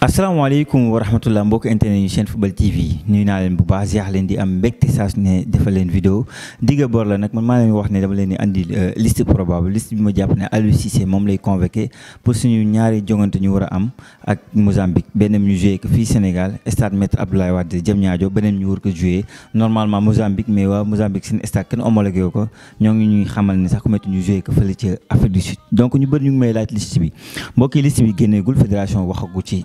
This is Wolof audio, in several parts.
asalaamaaleykum wa rahmatullah mbokk internet yu chaîne football TV nuyu naa leen bu baax ziar leen di am mbégte saa ne defal leen vidéo digga bor la nag man maa leen wax ne dama leen di andi liste probable liste bi ma jàpp ne Aliou Cissé moom lay convoqué pour suñu ñaari jongante ñu war a am ak Mozambique beneen ñu joué ko fii Sénégal stade Maître Abdoulaye Wade Diamniadio beneen ñu war ko joué normalement Mozambique mais waa Mozambique seen stade kenn homologué ko ñoo ngi ñuy xamal ne sax ku métti ñu joué ko fële ca Afrique du Sud donc ñu bëri ñu may laaj liste bi mbokk liste bi fédération waxagu ci.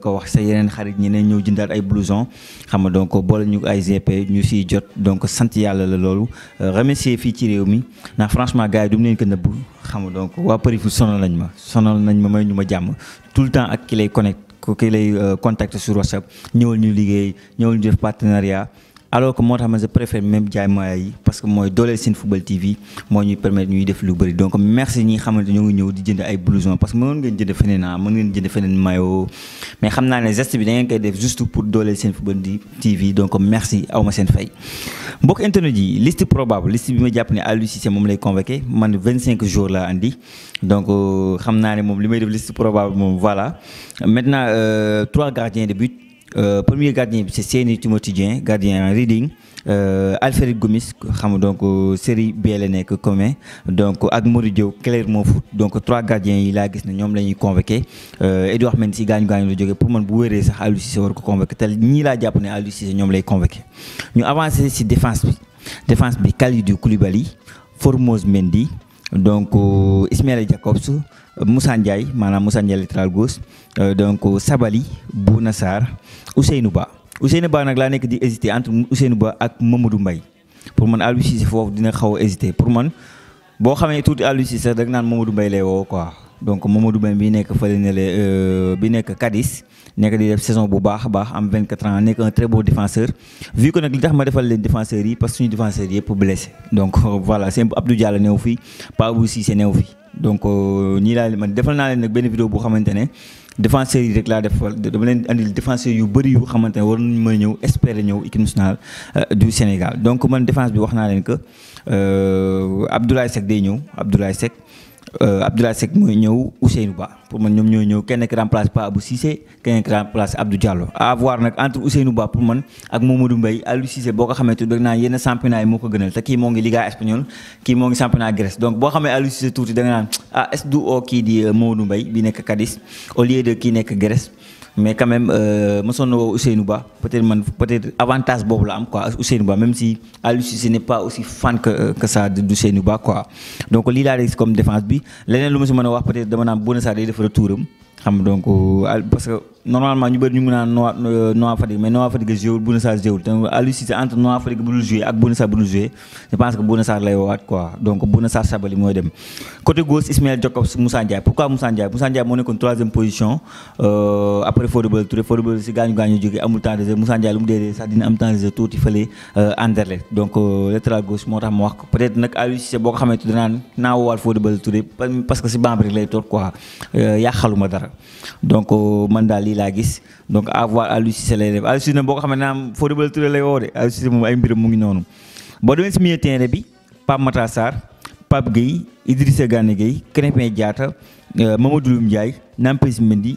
ko wax sa yeneen xarit ont ñëw jëndaat ay blouson xam nga donc ñu ay GP ñu jot donc sant yàlla la loolu euh, remercier fii ci mi franchement du xam donc sonal nañ ma sonal nañ ma may ñu tout le temps ak ki connect euh, contact sur WhatsApp ñëwal ñu liggéey ñëwal ñu partenariat alors que moi, je préfère même jaay maaya parce que mooy dooleel seen football TV moo ñuy permettre ñuy def lu bëri donc merci ñi nga xamante ñoo ngi ñëw di jënd ay blouson parce que mënoon ngeen jënd feneen ah mën ngeen jënd feneen maillot mais xam naa les geste bi da ngeen def juste pour dooleel seen football TV donc merci awma seen fay mbokk internet yi liste probable liste bi ma jàpp ne Aliou Cissé moom lay convoqué man 25 jours là, andi donc euh, xam naa les moom def liste probable voilà maintenant euh, trois gardiens de but euh, premier gardien c'est Seyni Timothy gardien Reading euh, Alfred Gomis est donc euh, série BLN, la commun donc Admouridio, Claire Clermont Foot donc trois gardiens il a, gis ne ñoom la ñuy euh, Edouard Mendy si gaañu qui est jógee pour man bu wéré sax est Cissé war ko convoquer te ñi la japp né Aliou Cissé ñoom lay convoquer ñu avancer ci défense bi défense bi Kalidou Koulibaly Formose Mendy donc euh, Ismaila Jacobs euh, Moussa Ndiaye maanaam Moussa Ndiaye latéral gauche euh, donc Sabali Bouna Sarr Ousseynou Ba Ousseynou Ba nag laa nekk di hésité entre Ousseynou Ba ak Mamadou mbay pour man Aliou foofu dina xaw a hésité pour man boo xamee tuuti Aliou Cissé rek naan Mamadou Mbaye lay woo quoi. donc Mamadou Ben bi nek fële ne le euh, bi nek Cadiz nek di def saison bu baax a baax am 24 ans nek un très beau défenseur vu que nak li tax ma defal len défenseur yi parce que suñu défenseur yëpp blessé donc euh, voilà c'est Abdou Diallo neew fi Pa Abou Cissé fi donc euh, ni la man defal na len nag ben vidéo bu xamantene défenseur yi rek la def dama len andil défenseur yu bari yu xamantene war ñu mën ñew espérer ñew équipe nationale du Sénégal donc man défense bi wax na len que Abdoulaye Seck day ñew Abdoulaye Seck euh, Abdoulaye Seck mooy ñëw Ousseynou Ba pour man ñoom ñooy ñëw kenn ne remplace pas Abou Cissé kenn ki remplace Abdou Diallo à voir entre Ousseynou Ba pour man ak Mamadou Mbaye Aliou Cissé boo ko tout, da nga naan yenn championnat yi moo ko gënal te kii moo Liga espagnole kii moo championnat Grèce donc boo xamee Aliou Cissé tuuti da nga naan ah est-ce que oo kii dit euh, Mamadou Mbaye bi nekk Cadiz au lieu de qui nekk Grèce mais quand même euh, na woo Ousseynou Ba peut-être man peut-être avantage bobu la am quoi Ousseynou Ba même si Aliou Cissé n'est pas aussi fan que euh, que ça de Ba quoi donc lii laa comme défense bi leneen lu ma si a wax peut dama naan Bouna Sarr day def retouram xam donc euh, parce que normalement ñu bari ñu mëna naan Noa euh, mais Noa Fadiga jeul wul Bouna jeul joué wul te Aliou entre Noa Fadiga bu dul ak Bouna Sarr bu jouer je pense que Bouna Sarr lay woowaat quoi donc Bouna Sarr sabali moy dem. côté gauche Ismaël Jakobs Moussa Ndiaye pourquoi Moussa Ndiaye Moussa Ndiaye moo nekkoon troisième position euh après football Ballo-Touré Fodé si gañu gañu jógee amul temps de jeu Moussa Ndiaye lu mu dee dee dina am temps de jeu feulé fële euh, Anderlecht donc euh, latéral gauche motax tax wax peut être nak Aliou boko xamé ko xamante danaan naa woowaat Fodé touré parce que si banc lay toog quoi ya xaluma dara donc man dal laa gis donc avoir Aliou Cissé lay def Aliou Cissé boo ko xam ne naam Fodé Ballo-Touré lay woo de Aliou Cissé moom ay mu ngi noonu boo demee si milieu terrain bi Pape Matar Sarr Pape Gueye Idrissa Gana Gueye jaata Diatta euh, Mamadou Ndiaye Nampalys Mendy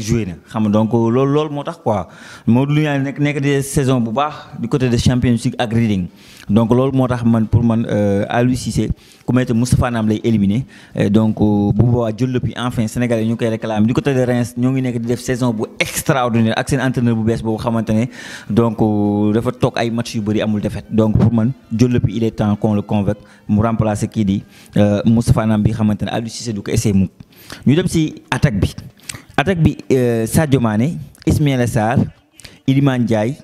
joué xam donc loolu loolu moo quoi Modou Lo yaa nekk saison bu du côté de Champions League ak Reading donc loolu moo man pour man euh, Aliou Cissé ku mel Moustapha Nam éliminé euh, donc euh, bouba boobaa jël depuis enfin Sénégalais, yi ñu koy réclamer du côté de Reims ñoo ngi nekk di def saison bu extraordinaire ak seen entraîneur bu bees boobu xamante ne donc dafa toog ay match yu bëri amul défaite donc pour man jël depuis il est temps qu'on le convoque Pour remplacer qui dit Moustapha Nam bi xamante ne si Cissé du ko essayé mukk ñu dem si attaque bi. attaque bi euh, Sadio Mané Ismaïla Sarr Iliman Ndiaye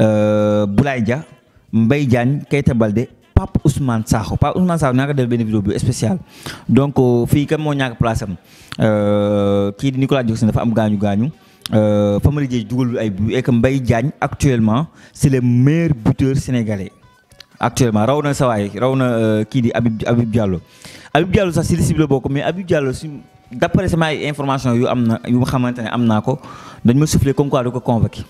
euh, Boulaye Dia Mbaye Diagne Keita Balde Pape Ousmane Sakho Pape Ousmane Sakho naa ko def benn vidéo bu spécial donc euh, fii kan moo ñàkk place am kii di Nicolas si dafa am gaañu gaañu Famara Diédhiou dugalul ay but et que mbay Diagne actuellement c'est le meilleur buteur sénégalais actuellement raw na sawaay raw na kii di Habib Habib Diallo Habib sax si liste bi la bokk mais Habib Diallo d'après sama information yu amna yu nga xamante dañ ma soufflé comme quoi du ko convoqué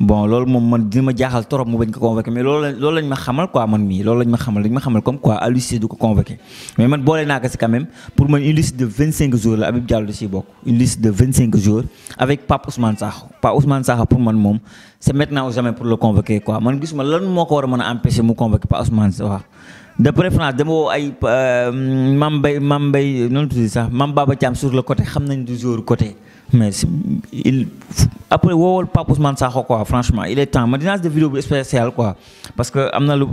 bon loolu mom man dina ma jaaxal trop mu bañ ko convoqué mais loolu la lañ ma xamal quoi man mii loolu lañ ma xamal dañ ma xamal comme quoi Aliou Cissé du ko convoqué mais man bolé naka c'est quand même pour man une liste de 25 jours la Habib Diallo bokk une liste de 25 jours avec Pape Ousmane Sakho Pape Ousmane Sakho pour man mom c'est maintenant ou jamais pour le convoquer quoi man gisuma lan moo ko war a empêcher mu convoquer Pape Ousmane Sakho D'après France, je woo ay euh, sur le côté, sur le côté côté mais après quoi franchement il est temps Maintenant vidéo quoi parce que am n'ai lu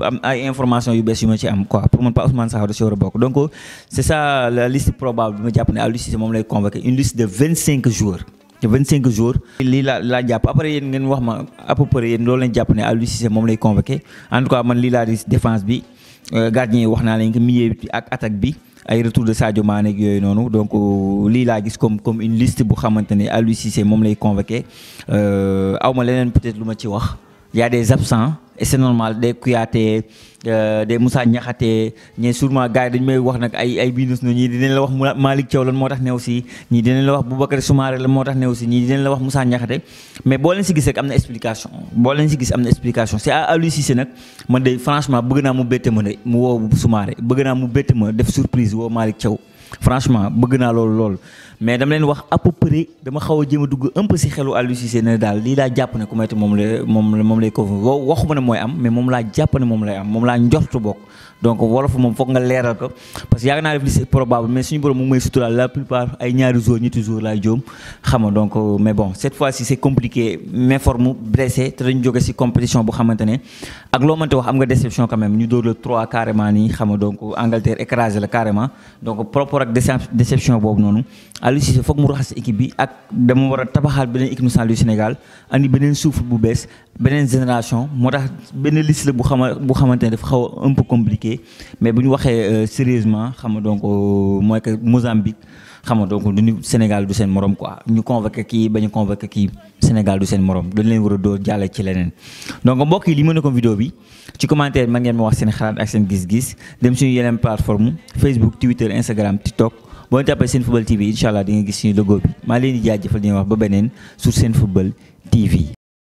d'informations ay information yu pour mon Pape Ousmane Sakho donc c'est ça la liste probable une liste de 25 jours, joueurs de vingt jours il après il ngeen à peu près en tout cas il y a défense euh, gardien yi wax naa leen que milieu bi ak attaque bi ay retour de Sadio Mané ak yooyu noonu donc euh, li la gis comme comme une liste bu xamanteni ne Aliou Cissé mom lay convoqué euh awma leneen peut-être luma ci wax y a des absents. et c'est normal des Kouyaté euh, des Moussa Niakhaté ñee sûrement gars yi dañu may wax nag ay ay business no ñii dinañ la wax Malick Thiaw lan moo tax new si ñii dinañ la wax Boubacar Soumaré lan moo tax ne aussi ñii dinañ la wax Moussa Niakhaté mais boo leen si gis rek am na explication boo leen si gis am na explication c'est à Aliou Cissé nag man de franchement bëgg naa mu bette ma de mu woo Soumaré bëgg naa mu bette ma def surprise woo Malick Thiaw franchement bëgg naa loolu loolu mais dama leen wax à peu près dama xaw a jéem dugg un peu si xelu alusi sene dal li la japp ne ku may moom mom moom moom lay ko waxuma ne moy am mais mom la japp ne mom lay am mom la njortu bok donc wolof mom foog nga leral ko parce que yaakaar naa def li c'est probable mais suñu borom mom may suturaal la plupart ay ñaari jour ñetti toujours la jóom xama donc euh, mais bon cette fois ci c'est compliqué mais forme blessé te dañu jóge si compétition bu xamantene ak lo mënte wax am nga déception quand même ñu dóor le 3 carrément ni xama donc Angleterre écrasé la carrément donc propre ak déception à nonou nous Cissé fokh mu ak dama du Sénégal andi benen souffle bu génération motax benen liste la bu xama un peu compliqué mais euh, sérieusement donc euh, que Mozambique. xam nga donc du ñu Sénégal du seen morom quoi ñu convoqué kii ba ñu convoqué kii Sénégal du seen morom dañ leen war a doo jàll ci leneen donc mbokk yi li mën a ko vidéo bi ci commentaire ma ngeen ma wax seen xalaat ak seen gis-gis dem suñu yeneen plateforme Facebook Twitter Instagram TikTok boo ñu tàppee seen football TV incha allah di nga gis suñu logo bi maa leen di jaajëfal di wax ba beneen sur seen football TV.